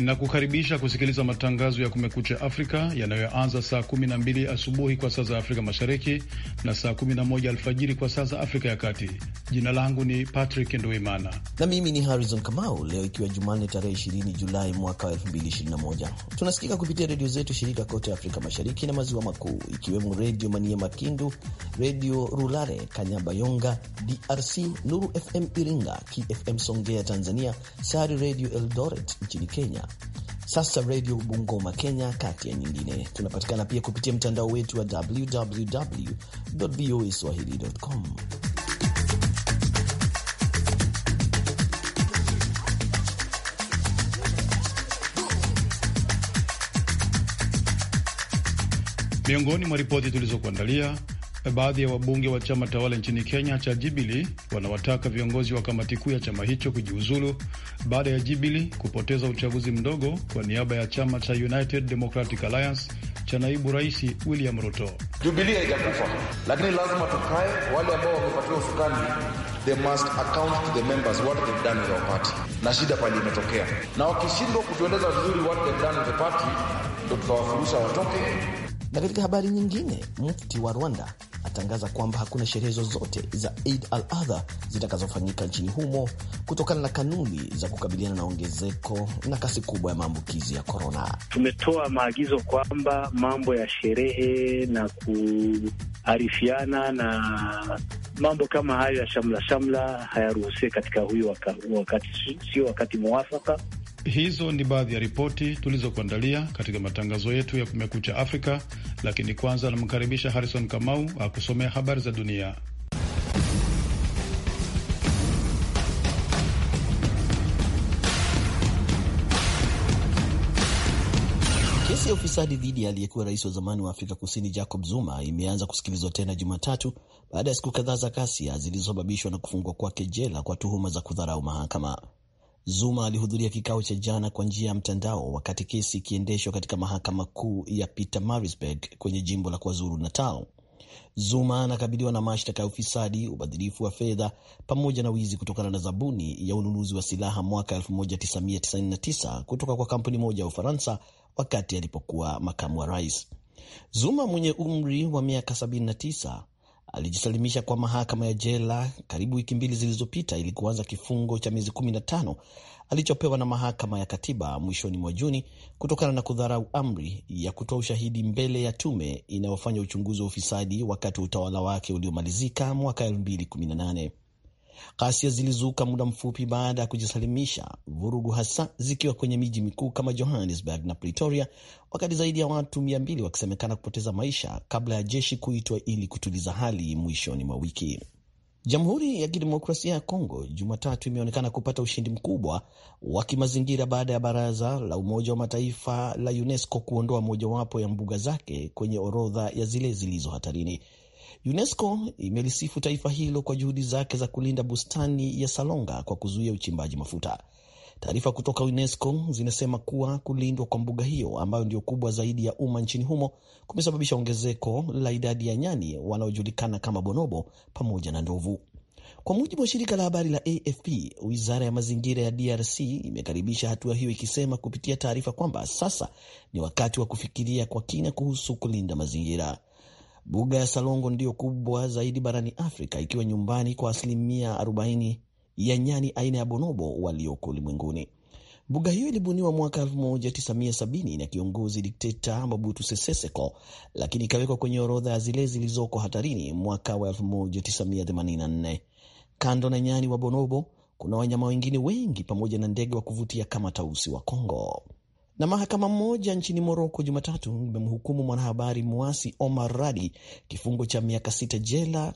Nakukaribisha kusikiliza matangazo ya Kumekucha Afrika yanayoanza saa 12 asubuhi kwa saa za Afrika Mashariki na saa 11 alfajiri kwa saa za Afrika ya Kati. Jina langu ni Patrick Nduimana na mimi ni Harrison Kamau. Leo ikiwa Jumanne tarehe 20 Julai mwaka 2021, tunasikika kupitia redio zetu shirika kote Afrika Mashariki na Maziwa Makuu, ikiwemo Redio Mania Makindu, Redio Rulare Kanyabayonga DRC, Nuru FM Iringa, KFM Songea Tanzania, Sari Redio Eldoret nchini Kenya, sasa redio Bungoma Kenya, kati ya nyingine. Tunapatikana pia kupitia mtandao wetu wa www voa swahili.com. Miongoni mwa ripoti tulizokuandalia, baadhi ya wabunge wa chama tawala nchini Kenya cha Jibili wanawataka viongozi wa kamati kuu ya chama hicho kujiuzulu baada ya Jibili kupoteza uchaguzi mdogo kwa niaba ya chama cha United Democratic Alliance cha naibu rais William Ruto. Jubilee haijakufa, lakini lazima tukae. Wale ambao wamepatiwa usukani, they must account to the members what they've done with our party, na shida pale imetokea, na wakishindwa kutueleza vizuri what they've done with the party, ndo tutawafurusha watoke na katika habari nyingine, mufti wa Rwanda atangaza kwamba hakuna sherehe zozote za Eid al-Adha zitakazofanyika nchini humo kutokana na kanuni za kukabiliana na ongezeko na kasi kubwa ya maambukizi ya korona. Tumetoa maagizo kwamba mambo ya sherehe na kuharifiana na mambo kama hayo ya shamla shamla hayaruhusiwi katika huyo waka, wakati sio wakati mwafaka Hizo ni baadhi ya ripoti tulizokuandalia katika matangazo yetu ya Kumekucha Afrika, lakini kwanza anamkaribisha Harrison Kamau akusomea habari za dunia. Kesi ya ufisadi dhidi ya aliyekuwa rais wa zamani wa Afrika Kusini Jacob Zuma imeanza kusikilizwa tena Jumatatu baada ya siku kadhaa za ghasia zilizosababishwa na kufungwa kwake jela kwa tuhuma za kudharau mahakama. Zuma alihudhuria kikao cha jana kwa njia ya mtandao wakati kesi ikiendeshwa katika mahakama kuu ya Pietermaritzburg kwenye jimbo la KwaZulu Natal. Zuma anakabiliwa na mashtaka ya ufisadi, ubadhirifu wa fedha pamoja na wizi kutokana na zabuni ya ununuzi wa silaha mwaka 1999 kutoka kwa kampuni moja ya Ufaransa wakati alipokuwa makamu wa rais. Zuma mwenye umri wa miaka alijisalimisha kwa mahakama ya jela karibu wiki mbili zilizopita ili kuanza kifungo cha miezi 15 alichopewa na mahakama ya katiba mwishoni mwa Juni kutokana na kudharau amri ya kutoa ushahidi mbele ya tume inayofanya uchunguzi wa ufisadi wakati wa utawala wake uliomalizika mwaka 2018. Ghasia zilizuka muda mfupi baada ya kujisalimisha, vurugu hasa zikiwa kwenye miji mikuu kama Johannesburg na Pretoria, wakati zaidi ya watu 2 wakisemekana kupoteza maisha kabla ya jeshi kuitwa ili kutuliza hali mwishoni mwa wiki. Jamhuri ya Kidemokrasia ya Kongo Jumatatu imeonekana kupata ushindi mkubwa wa kimazingira baada ya baraza la Umoja wa Mataifa la UNESCO kuondoa mojawapo ya mbuga zake kwenye orodha ya zile zilizo hatarini. UNESCO imelisifu taifa hilo kwa juhudi zake za kulinda bustani ya Salonga kwa kuzuia uchimbaji mafuta. Taarifa kutoka UNESCO zinasema kuwa kulindwa kwa mbuga hiyo ambayo ndio kubwa zaidi ya umma nchini humo kumesababisha ongezeko la idadi ya nyani wanaojulikana kama bonobo pamoja na ndovu. Kwa mujibu wa shirika la habari la AFP, wizara ya mazingira ya DRC imekaribisha hatua hiyo ikisema kupitia taarifa kwamba sasa ni wakati wa kufikiria kwa kina kuhusu kulinda mazingira. Buga ya Salongo ndiyo kubwa zaidi barani Afrika, ikiwa nyumbani kwa asilimia 40 ya nyani aina ya bonobo walioko ulimwenguni. Mbuga hiyo ilibuniwa mwaka 1970 na kiongozi dikteta Mobutu Sese Seko, lakini ikawekwa kwenye orodha ya zile zilizoko hatarini mwaka wa 1984. Kando na nyani wa bonobo, kuna wanyama wengine wengi pamoja na ndege wa kuvutia kama tausi wa Kongo. Na mahakama moja nchini Moroko Jumatatu imemhukumu mwanahabari mwasi Omar Radi kifungo cha miaka sita jela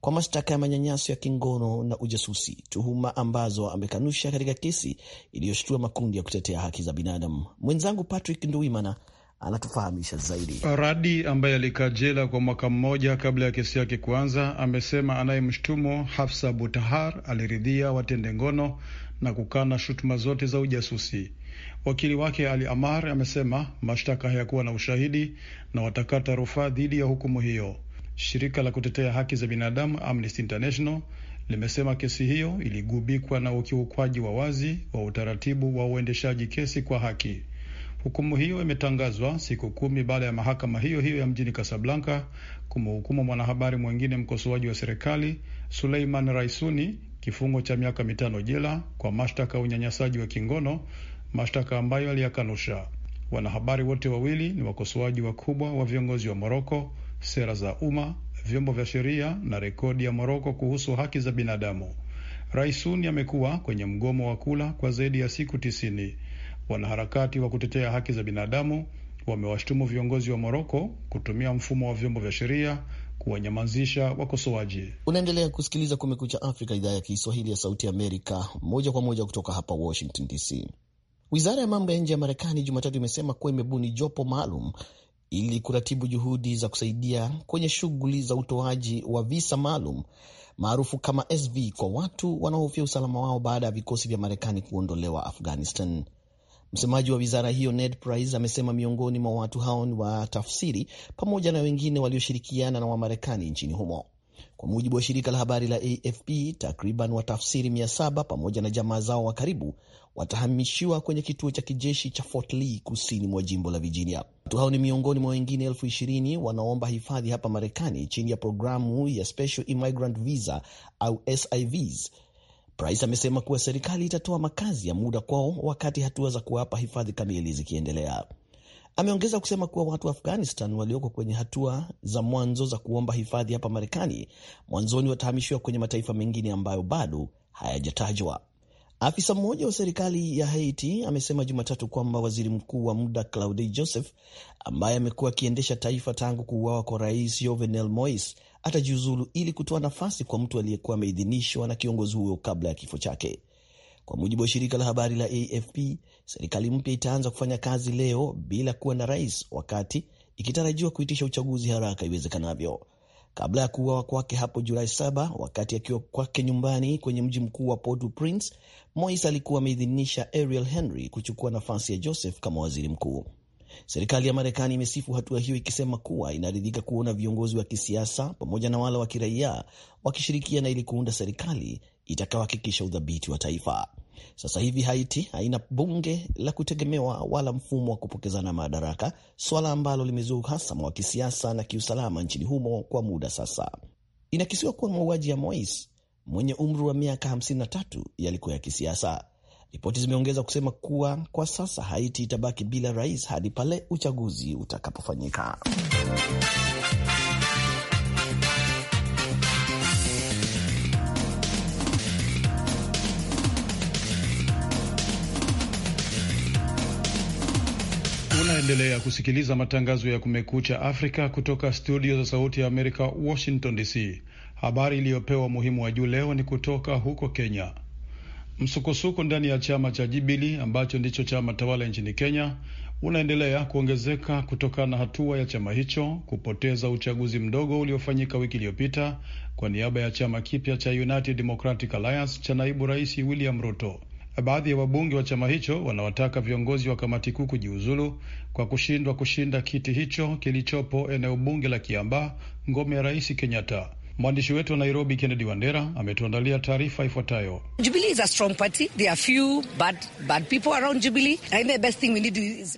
kwa mashtaka ya manyanyaso ya kingono na ujasusi, tuhuma ambazo amekanusha katika kesi iliyoshtua makundi ya kutetea haki za binadamu. Mwenzangu Patrick Nduimana anatufahamisha zaidi. Radi ambaye alikaa jela kwa mwaka mmoja kabla ya kesi yake kuanza, amesema anayemshtumu Hafsa Butahar aliridhia watende ngono na kukana shutuma zote za ujasusi. Wakili wake Ali Amar amesema mashtaka hayakuwa na ushahidi na watakata rufaa dhidi ya hukumu hiyo. Shirika la kutetea haki za binadamu Amnesty International limesema kesi hiyo iligubikwa na ukiukwaji wa wazi wa utaratibu wa uendeshaji kesi kwa haki. Hukumu hiyo imetangazwa siku kumi baada ya mahakama hiyo hiyo ya mjini Kasablanka kumhukumu mwanahabari mwengine mkosoaji wa serikali Suleiman Raisuni kifungo cha miaka mitano jela kwa mashtaka ya unyanyasaji wa kingono mashtaka ambayo aliyakanusha. Wanahabari wote wawili ni wakosoaji wakubwa wa viongozi wa Moroko, sera za umma, vyombo vya sheria na rekodi ya Moroko kuhusu haki za binadamu. Rais Suni amekuwa kwenye mgomo wa kula kwa zaidi ya siku tisini. Wanaharakati wa kutetea haki za binadamu wamewashtumu viongozi wa Moroko kutumia mfumo wa vyombo vya sheria kuwanyamazisha wakosoaji. Unaendelea kusikiliza Kumekucha Afrika, idhaa ya Kiswahili ya Sauti ya Amerika, moja kwa moja kutoka hapa Washington DC. Wizara ya mambo ya nje ya Marekani Jumatatu imesema kuwa imebuni jopo maalum ili kuratibu juhudi za kusaidia kwenye shughuli za utoaji wa visa maalum maarufu kama SV kwa watu wanaohofia usalama wao baada ya vikosi vya Marekani kuondolewa Afghanistan. Msemaji wa wizara hiyo Ned Price amesema miongoni mwa watu hao ni watafsiri pamoja na wengine walioshirikiana na Wamarekani nchini humo. Kwa mujibu wa shirika la habari la AFP, takriban watafsiri 700 pamoja na jamaa zao wa karibu watahamishiwa kwenye kituo cha kijeshi cha Fort Lee kusini mwa jimbo la Virginia. Watu hao ni miongoni mwa wengine elfu ishirini wanaomba hifadhi hapa Marekani chini ya programu ya Special Immigrant Visa au SIVs. Price amesema kuwa serikali itatoa makazi ya muda kwao wakati hatua za kuwapa hifadhi kamili zikiendelea. Ameongeza kusema kuwa watu wa Afghanistan walioko kwenye hatua za mwanzo za kuomba hifadhi hapa Marekani mwanzoni watahamishiwa kwenye mataifa mengine ambayo bado hayajatajwa. Afisa mmoja wa serikali ya Haiti amesema Jumatatu kwamba waziri mkuu wa muda Claude Joseph, ambaye amekuwa akiendesha taifa tangu kuuawa kwa rais Jovenel Moise, atajiuzulu ili kutoa nafasi kwa mtu aliyekuwa ameidhinishwa na kiongozi huyo kabla ya kifo chake. Kwa mujibu wa shirika la habari la AFP, serikali mpya itaanza kufanya kazi leo bila kuwa na rais, wakati ikitarajiwa kuitisha uchaguzi haraka iwezekanavyo kabla ya kuuawa kwake hapo Julai 7 wakati akiwa kwake nyumbani kwenye mji mkuu wa Port-au-Prince. Moise alikuwa ameidhinisha Ariel Henry kuchukua nafasi ya Joseph kama waziri mkuu. Serikali ya Marekani imesifu hatua hiyo ikisema kuwa inaridhika kuona viongozi wa kisiasa pamoja na wale wa kiraia wakishirikiana ili kuunda serikali itakayohakikisha udhabiti wa taifa. Sasa hivi Haiti haina bunge la kutegemewa wala mfumo wa kupokezana madaraka, swala ambalo limezua uhasama wa kisiasa na kiusalama nchini humo kwa muda sasa. Inakisiwa kuwa mauaji ya Mois mwenye umri wa miaka 53 yalikuwa ya kisiasa. Ripoti zimeongeza kusema kuwa kwa sasa Haiti itabaki bila rais hadi pale uchaguzi utakapofanyika. Unaendelea kusikiliza matangazo ya Kumekucha Afrika kutoka studio za Sauti ya Amerika, Washington DC. Habari iliyopewa umuhimu wa juu leo ni kutoka huko Kenya. Msukosuko ndani ya chama cha Jibili ambacho ndicho chama tawala nchini Kenya unaendelea kuongezeka kutokana na hatua ya chama hicho kupoteza uchaguzi mdogo uliofanyika wiki iliyopita kwa niaba ya chama kipya cha United Democratic Alliance cha naibu rais William Ruto. Baadhi ya wabunge wa chama hicho wanawataka viongozi wa kamati kuu kujiuzulu kwa kushindwa kushinda kiti hicho kilichopo eneo bunge la Kiambaa, ngome ya rais Kenyatta. Mwandishi wetu wa Nairobi, Kennedy Wandera, ametuandalia taarifa ifuatayo.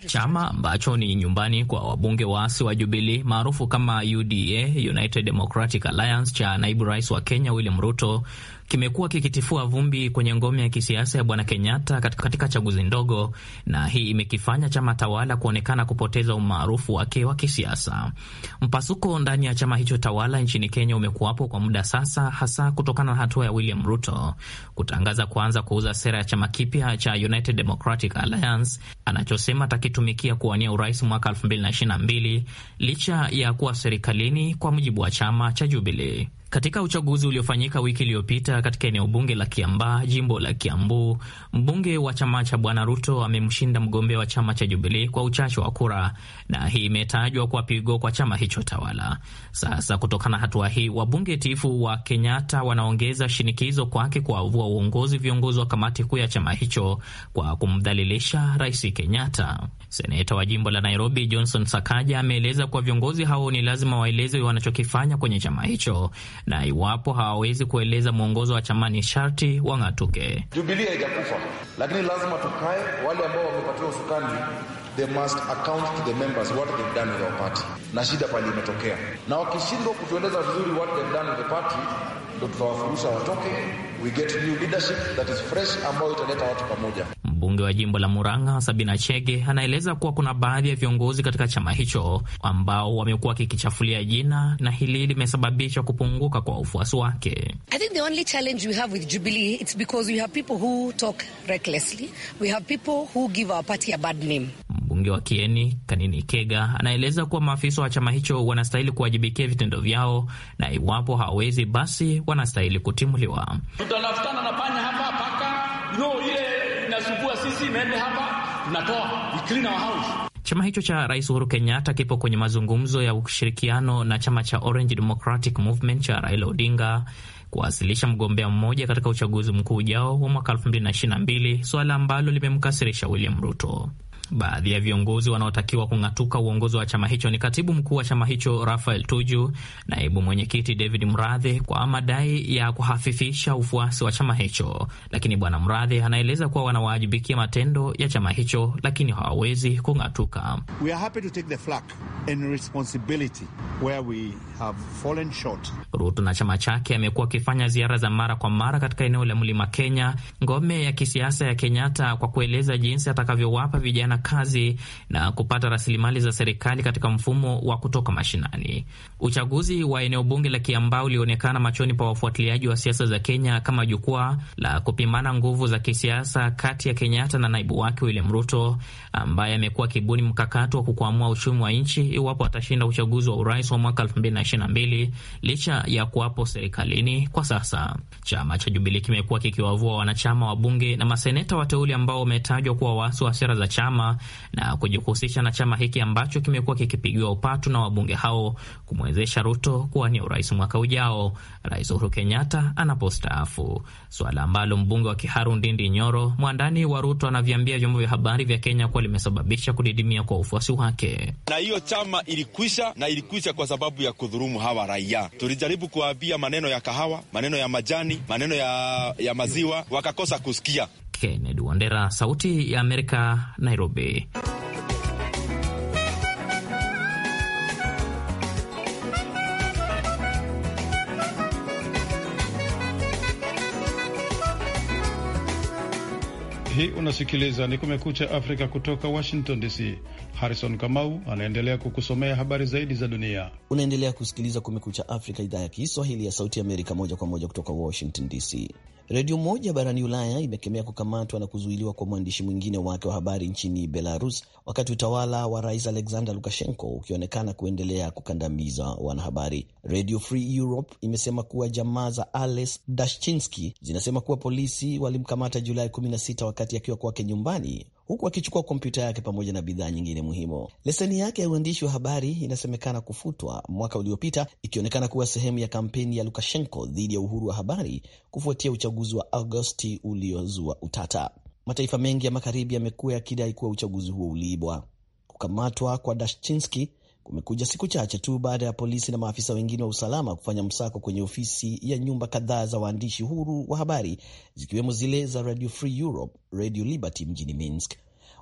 Chama ambacho ni nyumbani kwa wabunge waasi wa Jubilii maarufu kama UDA, United Democratic Alliance, cha naibu rais wa Kenya William Ruto kimekuwa kikitifua vumbi kwenye ngome ya kisiasa ya Bwana Kenyatta katika chaguzi ndogo, na hii imekifanya chama tawala kuonekana kupoteza umaarufu wake wa kisiasa. Mpasuko ndani ya chama hicho tawala nchini Kenya umekuwapo kwa muda sasa, hasa kutokana na hatua ya William Ruto kutangaza kuanza kuuza sera ya chama kipya cha United Democratic Alliance anachosema atakitumikia kuwania urais mwaka 2022 licha ya kuwa serikalini, kwa mujibu wa chama cha Jubilee. Katika uchaguzi uliofanyika wiki iliyopita katika eneo bunge la kiamba jimbo la Kiambu, mbunge wa chama cha Bwana Ruto amemshinda mgombea wa chama cha Jubilii kwa uchache wa kura, na hii imetajwa kwa pigo kwa chama hicho tawala. Sasa kutokana na hatua hii, wabunge tifu wa Kenyatta wanaongeza shinikizo kwake kuwavua uongozi viongozi wa kamati kuu ya chama hicho kwa kumdhalilisha Rais Kenyatta. Seneta wa jimbo la Nairobi Johnson Sakaja ameeleza kuwa viongozi hao ni lazima waeleze wanachokifanya kwenye chama hicho na iwapo hawawezi kueleza mwongozo wa chama ni sharti wang'atuke. jubilia haijakufa, lakini lazima tukae. Wale ambao wamepatiwa usukani They must account to the members what they've done with our party na shida pale imetokea, na wakishindwa kutueleza vizuri what they've done with the party, ndo tutawafurusha watoke. We get new leadership that is fresh, ambayo italeta watu pamoja. Mbunge wa jimbo la Murang'a Sabina Chege anaeleza kuwa kuna baadhi ya viongozi katika chama hicho ambao wamekuwa wakikichafulia jina na hili limesababisha kupunguka kwa ufuasi wake. Mbunge wa Kieni Kanini Kega anaeleza kuwa maafisa wa chama hicho wanastahili kuwajibikia vitendo vyao, na iwapo hawawezi, basi wanastahili kutimuliwa. Tutanafutana na hapa paka no, tunayachukua sisi, imeende hapa tunatoa clean our house. Chama hicho cha Rais Uhuru Kenyatta kipo kwenye mazungumzo ya ushirikiano na chama cha Orange Democratic Movement cha Raila Odinga kuwasilisha mgombea mmoja katika uchaguzi mkuu ujao wa mwaka 2022, suala ambalo limemkasirisha William Ruto. Baadhi ya viongozi wanaotakiwa kung'atuka uongozi wa chama hicho ni katibu mkuu wa chama hicho Rafael Tuju, naibu mwenyekiti David Mradhe kwa madai ya kuhafifisha ufuasi wa chama hicho. Lakini bwana Mradhe anaeleza kuwa wanawaajibikia matendo ya chama hicho, lakini hawawezi kung'atuka. Ruto na chama chake amekuwa akifanya ziara za mara kwa mara katika eneo la mlima Kenya, ngome ya kisiasa ya Kenyatta, kwa kueleza jinsi atakavyowapa vijana kazi na kupata rasilimali za serikali katika mfumo wa kutoka mashinani. Uchaguzi wa eneo bunge la Kiambaa ulionekana machoni pa wafuatiliaji wa siasa za Kenya kama jukwaa la kupimana nguvu za kisiasa kati ya Kenyatta na naibu wake William Ruto ambaye amekuwa akibuni mkakato wa kukwamua uchumi wa nchi iwapo atashinda uchaguzi wa urais wa mwaka 2022 licha ya kuwapo serikalini kwa sasa. Chama cha jubilii kimekuwa kikiwavua wanachama wa bunge na maseneta wateuli ambao wametajwa kuwa waasi wa sera za chama na kujihusisha na chama hiki ambacho kimekuwa kikipigiwa upatu na wabunge hao kumwezesha Ruto kuwania urais mwaka ujao, Rais Uhuru Kenyatta anapostaafu, suala ambalo mbunge wa Kiharu Ndindi Nyoro, mwandani wa Ruto, anaviambia vyombo vya habari vya Kenya kuwa limesababisha kudidimia kwa ufuasi wake. Na hiyo chama ilikwisha na ilikwisha kwa sababu ya kudhurumu hawa raia. Tulijaribu kuwaambia maneno ya kahawa, maneno ya majani, maneno ya, ya maziwa, wakakosa kusikia. Kennedy Wandera, Sauti ya Amerika, Nairobi. Hii unasikiliza ni Kumekucha Afrika kutoka Washington DC. Harrison Kamau anaendelea kukusomea habari zaidi za dunia. Unaendelea kusikiliza Kumekucha Afrika, idhaa ya Kiswahili ya Sauti Amerika, moja kwa moja kutoka Washington DC. Redio moja barani Ulaya imekemea kukamatwa na kuzuiliwa kwa mwandishi mwingine wake wa habari nchini Belarus, wakati utawala wa rais Alexander Lukashenko ukionekana kuendelea kukandamiza wanahabari. Radio Free Europe imesema kuwa jamaa za Ales dashchinski zinasema kuwa polisi walimkamata Julai 16 wakati akiwa kwake nyumbani huku akichukua kompyuta yake pamoja na bidhaa nyingine muhimu. Leseni yake ya uandishi wa habari inasemekana kufutwa mwaka uliopita, ikionekana kuwa sehemu ya kampeni ya Lukashenko dhidi ya uhuru wa habari kufuatia uchaguzi wa Agosti uliozua utata. Mataifa mengi ya Magharibi yamekuwa yakidai kuwa uchaguzi huo uliibwa. Kukamatwa kwa Dashchinski kumekuja siku chache tu baada ya polisi na maafisa wengine wa usalama kufanya msako kwenye ofisi ya nyumba kadhaa za waandishi huru wa habari zikiwemo zile za Radio Free Europe, Radio Liberty mjini Minsk.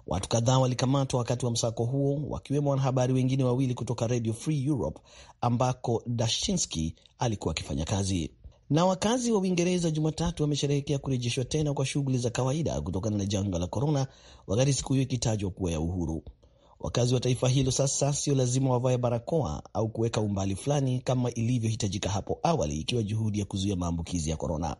Watu kadhaa walikamatwa wakati wa msako huo, wakiwemo wanahabari wengine wawili kutoka Radio Free Europe ambako dashinski alikuwa akifanya kazi. Na wakazi wa Uingereza Jumatatu wamesherehekea kurejeshwa tena kwa shughuli za kawaida kutokana na janga la korona, wakati siku hiyo ikitajwa kuwa ya uhuru. Wakazi wa taifa hilo sasa sio lazima wavae barakoa au kuweka umbali fulani kama ilivyohitajika hapo awali, ikiwa juhudi ya kuzuia maambukizi ya korona.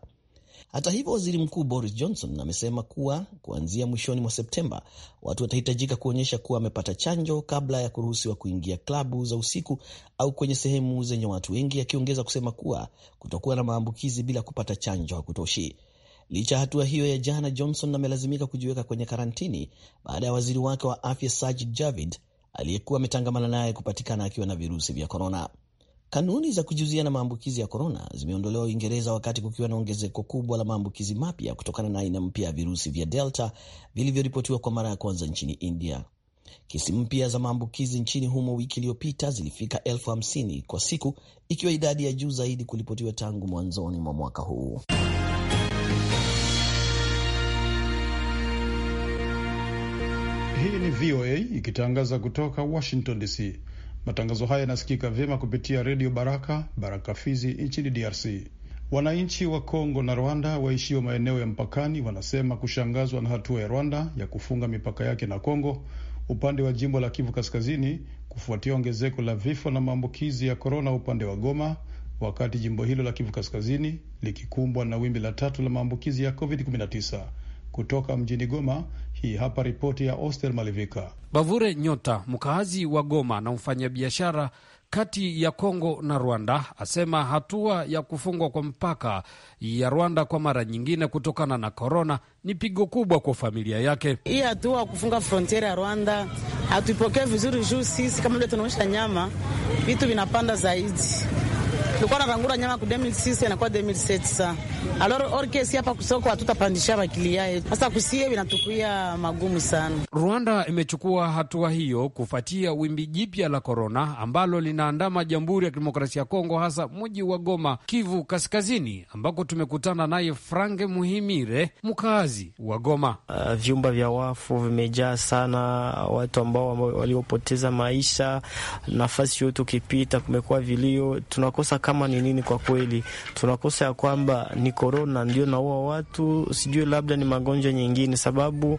Hata hivyo, waziri mkuu Boris Johnson amesema kuwa kuanzia mwishoni mwa Septemba watu watahitajika kuonyesha kuwa wamepata chanjo kabla ya kuruhusiwa kuingia klabu za usiku au kwenye sehemu zenye watu wengi, akiongeza kusema kuwa kutokuwa na maambukizi bila kupata chanjo hakutoshi. Licha ya hatua hiyo ya jana, Johnson amelazimika kujiweka kwenye karantini baada ya waziri wake wa afya Sajid Javid aliyekuwa ametangamana naye kupatikana akiwa na virusi vya korona. Kanuni za kujiuzia na maambukizi ya korona zimeondolewa Uingereza wakati kukiwa na ongezeko kubwa la maambukizi mapya kutokana na aina mpya ya virusi vya Delta vilivyoripotiwa kwa mara ya kwanza nchini India. Kesi mpya za maambukizi nchini humo wiki iliyopita zilifika elfu hamsini kwa siku, ikiwa idadi ya juu zaidi kuripotiwa tangu mwanzoni mwa mwaka huu. Hii ni VOA ikitangaza kutoka Washington DC. Matangazo haya yanasikika vyema kupitia redio Baraka Baraka Fizi nchini DRC. Wananchi wa Kongo na Rwanda waishio maeneo ya mpakani wanasema kushangazwa na hatua ya Rwanda ya kufunga mipaka yake na Kongo upande wa jimbo la Kivu Kaskazini kufuatia ongezeko la vifo na maambukizi ya korona upande wa Goma, wakati jimbo hilo la Kivu Kaskazini likikumbwa na wimbi la tatu la maambukizi ya COVID-19. Kutoka mjini Goma, hii hapa ripoti ya Oster Malivika. Bavure Nyota, mkaazi wa Goma na mfanyabiashara kati ya Kongo na Rwanda asema hatua ya kufungwa kwa mpaka ya Rwanda kwa mara nyingine kutokana na korona ni pigo kubwa kwa familia yake. Hii hatua kufunga frontiere ya Rwanda hatuipokee vizuri juu sisi kama vile tunaonyesha nyama, vitu vinapanda zaidi tulikuwa na kangura nyama ku 2006 inakuwa 2007 sa alors orkesi hapa kusoko hatutapandisha bakilia yetu sasa kusie vinatukuia magumu sana. Rwanda imechukua hatua hiyo kufuatia wimbi jipya la korona ambalo linaandama Jamhuri ya Kidemokrasia ya Kongo, hasa mji wa Goma, Kivu Kaskazini, ambako tumekutana naye Frange Muhimire, mkaazi wa Goma. Uh, vyumba vya wafu vimejaa sana, watu ambao waliopoteza maisha. Nafasi yote ukipita kumekuwa vilio, tunakosa kama ni nini. Kwa kweli tunakosa ya kwamba ni korona ndio naua watu, sijui labda ni magonjwa nyingine, sababu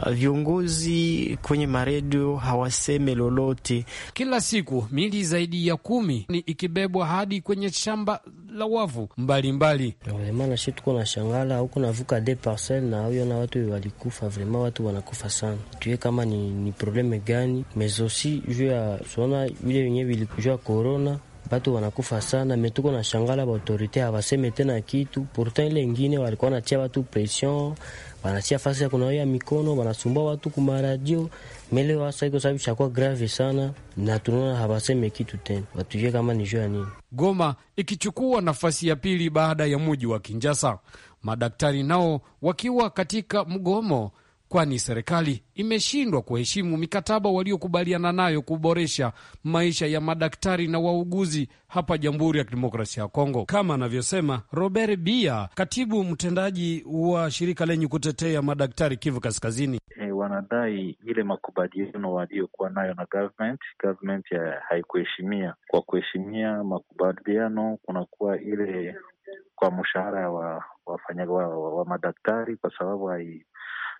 uh, viongozi kwenye maredio hawaseme lolote. Kila siku mili zaidi ya kumi ni ikibebwa hadi kwenye shamba la wavu mbalimbali. Maana shi tuko na shangala huko navuka de parcel na huyo na watu walikufa vrema, watu wanakufa sana, tuye kama ni, ni probleme gani mezosi juu ya sona vile venyewe vilikujua korona batu wanakufa sana. Metuko na shangala ba autorite hawaseme tena kitu, pourtant ile ingine walikuwa wanatia watu presion, wanatia fasi ya kunawia mikono, wanasumbua watu kumaradio mele wasa. Iko sababu chakuwa grave sana, na tunaona hawaseme kitu tena, watujue kama ni jua nini. Goma ikichukua nafasi ya pili baada ya muji wa Kinjasa, madaktari nao wakiwa katika mgomo kwani serikali imeshindwa kuheshimu mikataba waliokubaliana nayo kuboresha maisha ya madaktari na wauguzi hapa Jamhuri ya Kidemokrasia ya Kongo, kama anavyosema Robert Bia, katibu mtendaji wa shirika lenye kutetea madaktari Kivu Kaskazini. Hey, wanadai ile makubaliano waliokuwa nayo na government, government haikuheshimia. Kwa kuheshimia makubaliano kunakuwa ile kwa mshahara wa, wa, wa, wa madaktari kwa sababu hai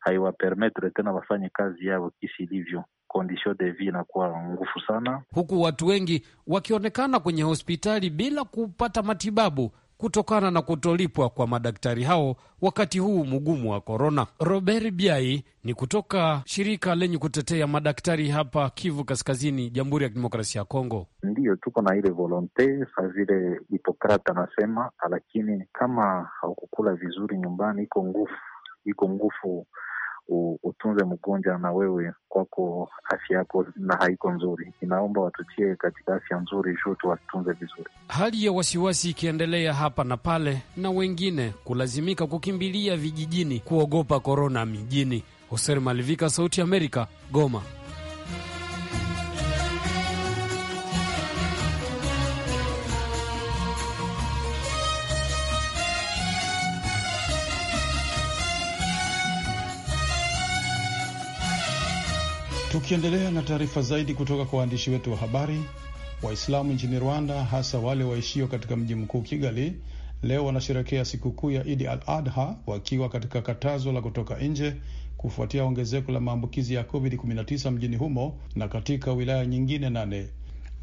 haiwapermetre tena wafanye kazi yao kisi ilivyo, condition de vie inakuwa ngufu sana, huku watu wengi wakionekana kwenye hospitali bila kupata matibabu kutokana na kutolipwa kwa madaktari hao wakati huu mgumu wa korona. Robert Biai ni kutoka shirika lenye kutetea madaktari hapa Kivu Kaskazini, Jamhuri ya Kidemokrasia ya Kongo. Ndiyo, tuko na ile volonte sa vile Hipokrate anasema, lakini kama haukukula vizuri nyumbani, iko ngufu, iko ngufu utunze mgonjwa na wewe kwako afya yako na haiko nzuri. Inaomba watutie katika afya nzuri, shutu wasitunze vizuri. Hali ya wasiwasi ikiendelea hapa na pale, na wengine kulazimika kukimbilia vijijini kuogopa korona mijini. Hoser Malivika, Sauti Amerika, Goma. Tukiendelea na taarifa zaidi kutoka kwa waandishi wetu wa habari, Waislamu nchini Rwanda, hasa wale waishio katika mji mkuu Kigali, leo wanasherekea sikukuu ya Idi al Adha wakiwa katika katazo la kutoka nje kufuatia ongezeko la maambukizi ya COVID-19 mjini humo na katika wilaya nyingine nane.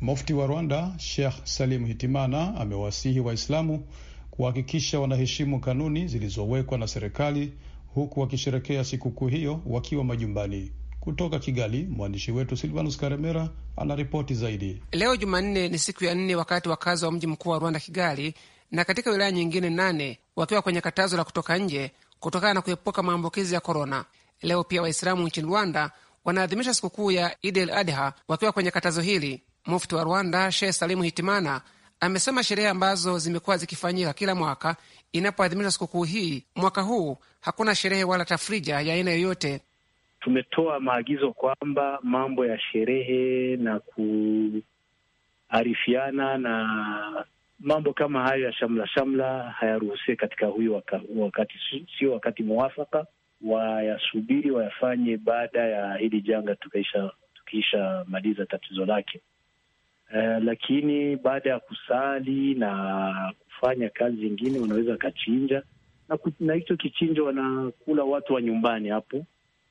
Mufti wa Rwanda Sheikh Salim Hitimana amewasihi Waislamu kuhakikisha wanaheshimu kanuni zilizowekwa na serikali huku wakisherekea sikukuu hiyo wakiwa majumbani. Kutoka Kigali, mwandishi wetu Silvanus Karemera anaripoti zaidi. Leo Jumanne ni siku ya nne wakati wakazi wa mji mkuu wa Rwanda, Kigali, na katika wilaya nyingine nane wakiwa kwenye katazo la kutoka nje kutokana na kuepuka maambukizi ya korona. Leo pia Waislamu nchini Rwanda wanaadhimisha sikukuu ya Idi el Adha wakiwa kwenye katazo hili. Mufti wa Rwanda sheh Salimu Hitimana amesema sherehe ambazo zimekuwa zikifanyika kila mwaka inapoadhimisha sikukuu hii, mwaka huu hakuna sherehe wala tafrija ya aina yoyote tumetoa maagizo kwamba mambo ya sherehe na kuarifiana na mambo kama hayo ya shamla shamla hayaruhusiwe katika huyu waka, wakati sio wakati mwafaka, wayasubiri wayafanye baada ya hili janga tukiisha tukiisha maliza tatizo lake. Uh, lakini baada ya kusali na kufanya kazi zingine wanaweza wakachinja na hicho kichinjo wanakula watu wa nyumbani hapo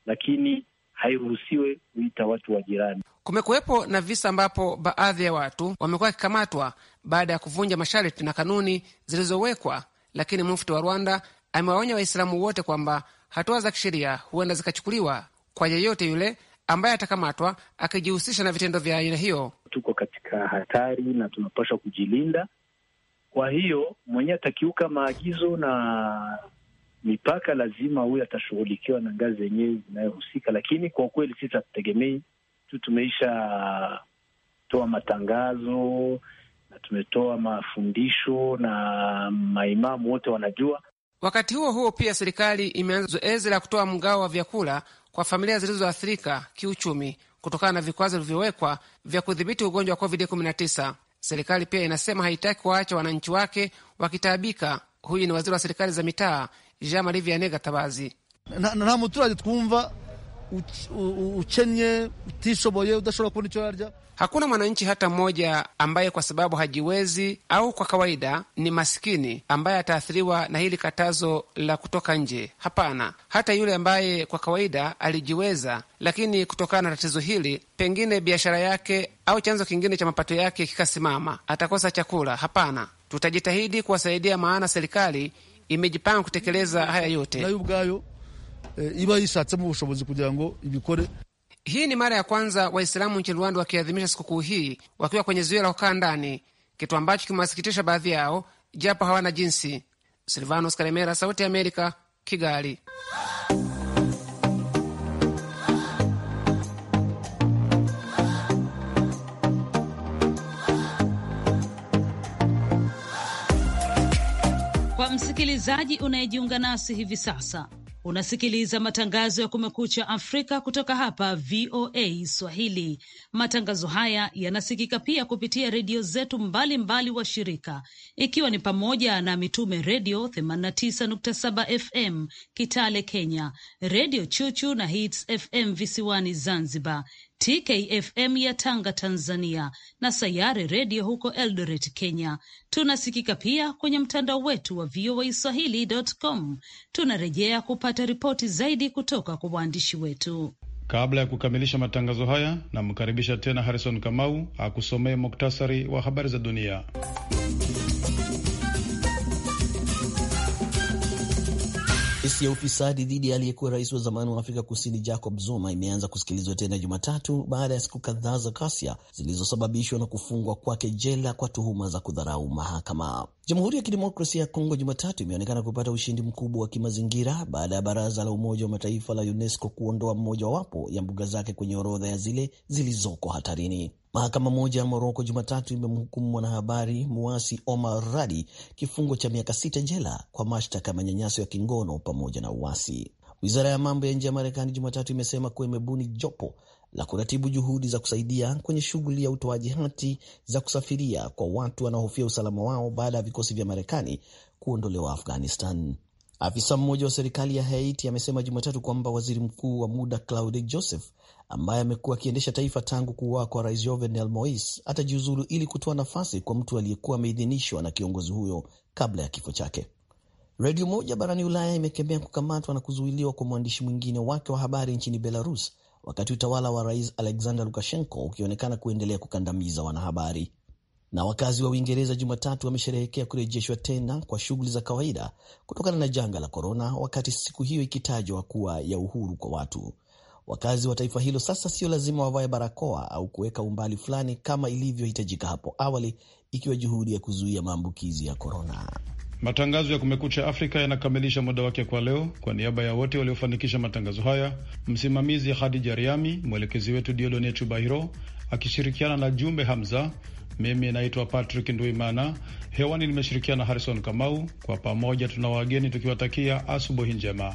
lakini hairuhusiwe kuita watu wa jirani. Kumekuwepo na visa ambapo baadhi ya watu wamekuwa wakikamatwa baada ya kuvunja masharti na kanuni zilizowekwa, lakini mufti wa Rwanda amewaonya Waislamu wote kwamba hatua za kisheria huenda zikachukuliwa kwa yeyote yule ambaye atakamatwa akijihusisha na vitendo vya aina hiyo. Tuko katika hatari na tunapaswa kujilinda. Kwa hiyo mwenyewe atakiuka maagizo na mipaka lazima huyo atashughulikiwa na ngazi yenyewe zinayohusika, lakini kwa ukweli sisi hatutegemei tu, tumeisha toa matangazo na tumetoa mafundisho na maimamu wote wanajua. Wakati huo huo, pia serikali imeanza zoezi la kutoa mgao wa vyakula kwa familia zilizoathirika kiuchumi kutokana na vikwazo vilivyowekwa vya kudhibiti ugonjwa wa COVID-19. Serikali pia inasema haitaki kuwaacha wananchi wake wakitaabika. Huyu ni waziri wa serikali za mitaa Jean Marie Vianney Gatabazi. nta muturage twumva uchenye utishoboye udashobora kubona icyo yarya Hakuna mwananchi hata mmoja ambaye kwa sababu hajiwezi au kwa kawaida ni masikini ambaye ataathiriwa na hili katazo la kutoka nje. Hapana, hata yule ambaye kwa kawaida alijiweza, lakini kutokana na tatizo hili, pengine biashara yake au chanzo kingine cha mapato yake kikasimama, atakosa chakula. Hapana, tutajitahidi kuwasaidia, maana serikali imejipanga kutekeleza haya yote. e, iba kugira ngo ibikore. Hii ni mara ya kwanza Waislamu nchini Rwanda wakiadhimisha sikukuu hii wakiwa kwenye zuio la kukaa ndani, kitu ambacho kimewasikitisha baadhi yao, japo hawana jinsi. Silvanos Karemera, Sauti ya Amerika, Kigali. msikilizaji unayejiunga nasi hivi sasa, unasikiliza matangazo ya Kumekucha Afrika kutoka hapa VOA Swahili. Matangazo haya yanasikika pia kupitia redio zetu mbalimbali wa shirika ikiwa ni pamoja na Mitume Redio 89.7 FM Kitale Kenya, Redio Chuchu na Hits FM visiwani Zanzibar, TKFM ya Tanga Tanzania na Sayare Redio huko Eldoret Kenya. Tunasikika pia kwenye mtandao wetu wa VOA Swahili.com. Tunarejea kupata ripoti zaidi kutoka kwa waandishi wetu. Kabla ya kukamilisha matangazo haya, namkaribisha tena Harrison Kamau akusomee muktasari wa habari za dunia. Kesi ya ufisadi dhidi ya aliyekuwa rais wa zamani wa Afrika Kusini Jacob Zuma imeanza kusikilizwa tena Jumatatu baada ya siku kadhaa za ghasia zilizosababishwa na kufungwa kwake jela kwa tuhuma za kudharau mahakama. Jamhuri ya Kidemokrasia ya Kongo Jumatatu imeonekana kupata ushindi mkubwa wa kimazingira baada ya Baraza la Umoja wa Mataifa la UNESCO kuondoa mmojawapo ya mbuga zake kwenye orodha ya zile zilizoko hatarini. Mahakama moja ya Moroko Jumatatu imemhukumu mwanahabari muasi Omar Radi kifungo cha miaka sita jela kwa mashtaka ya manyanyaso ya kingono pamoja na uasi. Wizara ya mambo ya nje ya Marekani Jumatatu imesema kuwa imebuni jopo la kuratibu juhudi za kusaidia kwenye shughuli ya utoaji hati za kusafiria kwa watu wanaohofia usalama wao baada ya vikosi vya Marekani kuondolewa Afghanistan. Afisa mmoja wa serikali ya Haiti amesema Jumatatu kwamba waziri mkuu wa muda Claude Joseph ambaye amekuwa akiendesha taifa tangu kuuawa kwa rais Jovenel Moise atajiuzulu ili kutoa nafasi kwa mtu aliyekuwa ameidhinishwa na kiongozi huyo kabla ya kifo chake. Redio moja barani Ulaya imekemea kukamatwa na kuzuiliwa kwa mwandishi mwingine wake wa habari nchini Belarus, wakati utawala wa rais Alexander Lukashenko ukionekana kuendelea kukandamiza wanahabari. Na wakazi wa Uingereza Jumatatu wamesherehekea kurejeshwa tena kwa shughuli za kawaida kutokana na janga la korona, wakati siku hiyo ikitajwa kuwa ya uhuru kwa watu. Wakazi wa taifa hilo sasa sio lazima wavae barakoa au kuweka umbali fulani kama ilivyohitajika hapo awali, ikiwa juhudi ya kuzuia maambukizi ya korona. Matangazo ya Kumekucha Afrika yanakamilisha muda wake kwa leo. Kwa niaba ya wote waliofanikisha matangazo haya, msimamizi Hadija Riami, mwelekezi wetu Diodone Chubahiro akishirikiana na Jumbe Hamza. Mimi naitwa Patrick Ndwimana, hewani nimeshirikiana na Harrison Kamau. Kwa pamoja tuna wageni tukiwatakia asubuhi njema.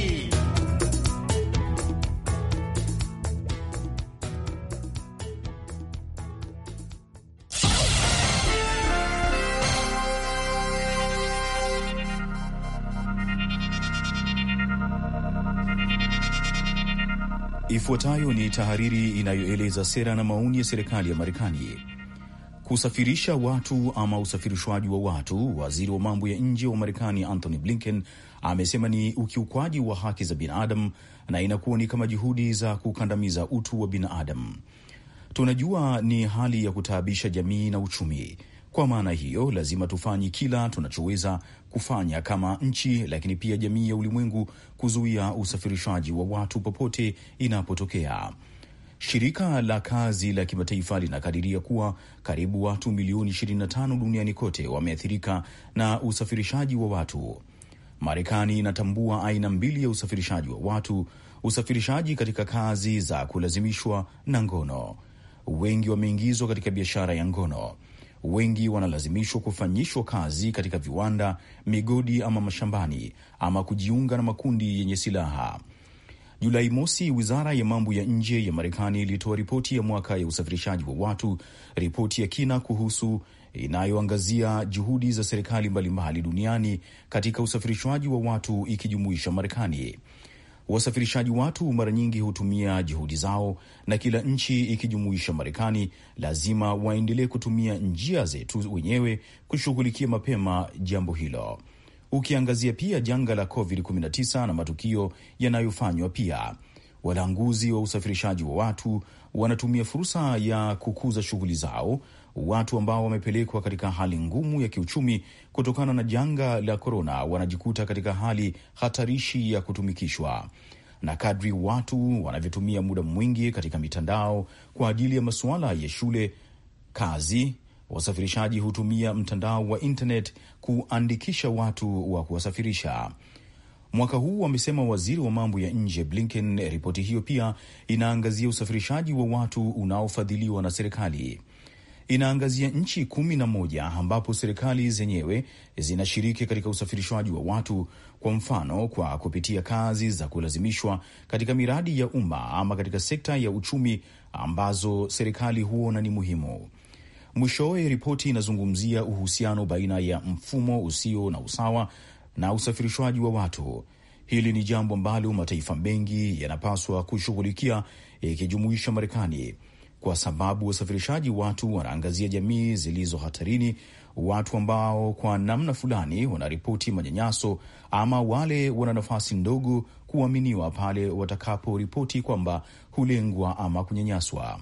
Ifuatayo ni tahariri inayoeleza sera na maoni ya serikali ya Marekani. Kusafirisha watu ama usafirishwaji wa watu, waziri wa mambo ya nje wa Marekani Anthony Blinken amesema ni ukiukwaji wa haki za binadamu na inakuwa ni kama juhudi za kukandamiza utu wa binadamu. Tunajua ni hali ya kutaabisha jamii na uchumi. Kwa maana hiyo, lazima tufanye kila tunachoweza kufanya kama nchi, lakini pia jamii ya ulimwengu kuzuia usafirishaji wa watu popote inapotokea. Shirika la kazi la kimataifa linakadiria kuwa karibu watu milioni 25 duniani kote wameathirika na usafirishaji wa watu. Marekani inatambua aina mbili ya usafirishaji wa watu: usafirishaji katika kazi za kulazimishwa na ngono. Wengi wameingizwa katika biashara ya ngono wengi wanalazimishwa kufanyishwa kazi katika viwanda, migodi ama mashambani ama kujiunga na makundi yenye silaha. Julai mosi, wizara ya mambo ya nje ya Marekani ilitoa ripoti ya mwaka ya usafirishaji wa watu, ripoti ya kina kuhusu inayoangazia juhudi za serikali mbalimbali duniani katika usafirishwaji wa watu ikijumuisha Marekani. Wasafirishaji watu mara nyingi hutumia juhudi zao, na kila nchi ikijumuisha Marekani lazima waendelee kutumia njia zetu wenyewe kushughulikia mapema jambo hilo, ukiangazia pia janga la COVID-19 na matukio yanayofanywa pia walanguzi wa usafirishaji wa watu wanatumia fursa ya kukuza shughuli zao watu ambao wamepelekwa katika hali ngumu ya kiuchumi kutokana na janga la korona wanajikuta katika hali hatarishi ya kutumikishwa na kadri watu wanavyotumia muda mwingi katika mitandao kwa ajili ya masuala ya shule, kazi, wasafirishaji hutumia mtandao wa internet kuandikisha watu wa kuwasafirisha. Mwaka huu amesema waziri wa mambo ya nje Blinken. Ripoti hiyo pia inaangazia usafirishaji wa watu unaofadhiliwa na serikali inaangazia nchi kumi na moja ambapo serikali zenyewe zinashiriki katika usafirishwaji wa watu, kwa mfano kwa kupitia kazi za kulazimishwa katika miradi ya umma ama katika sekta ya uchumi ambazo serikali huona ni muhimu. Mwishowe, ripoti inazungumzia uhusiano baina ya mfumo usio na usawa na usafirishwaji wa watu. Hili ni jambo ambalo mataifa mengi yanapaswa kushughulikia, ikijumuisha Marekani kwa sababu wasafirishaji watu wanaangazia jamii zilizo hatarini, watu ambao kwa namna fulani wanaripoti manyanyaso, ama wale wana nafasi ndogo kuaminiwa pale watakaporipoti kwamba hulengwa ama kunyanyaswa.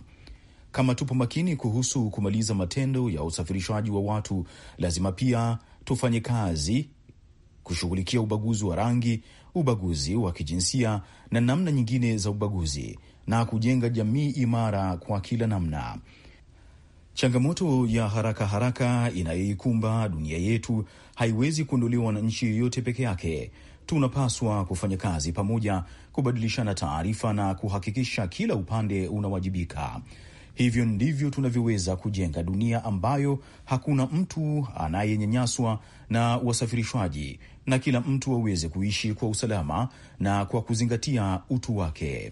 Kama tupo makini kuhusu kumaliza matendo ya usafirishaji wa watu, lazima pia tufanye kazi kushughulikia ubaguzi wa rangi, ubaguzi wa kijinsia na namna nyingine za ubaguzi na kujenga jamii imara kwa kila namna. Changamoto ya haraka haraka inayoikumba dunia yetu haiwezi kuondolewa na nchi yoyote peke yake. Tunapaswa kufanya kazi pamoja, kubadilishana taarifa na kuhakikisha kila upande unawajibika. Hivyo ndivyo tunavyoweza kujenga dunia ambayo hakuna mtu anayenyanyaswa na wasafirishwaji, na kila mtu aweze kuishi kwa usalama na kwa kuzingatia utu wake.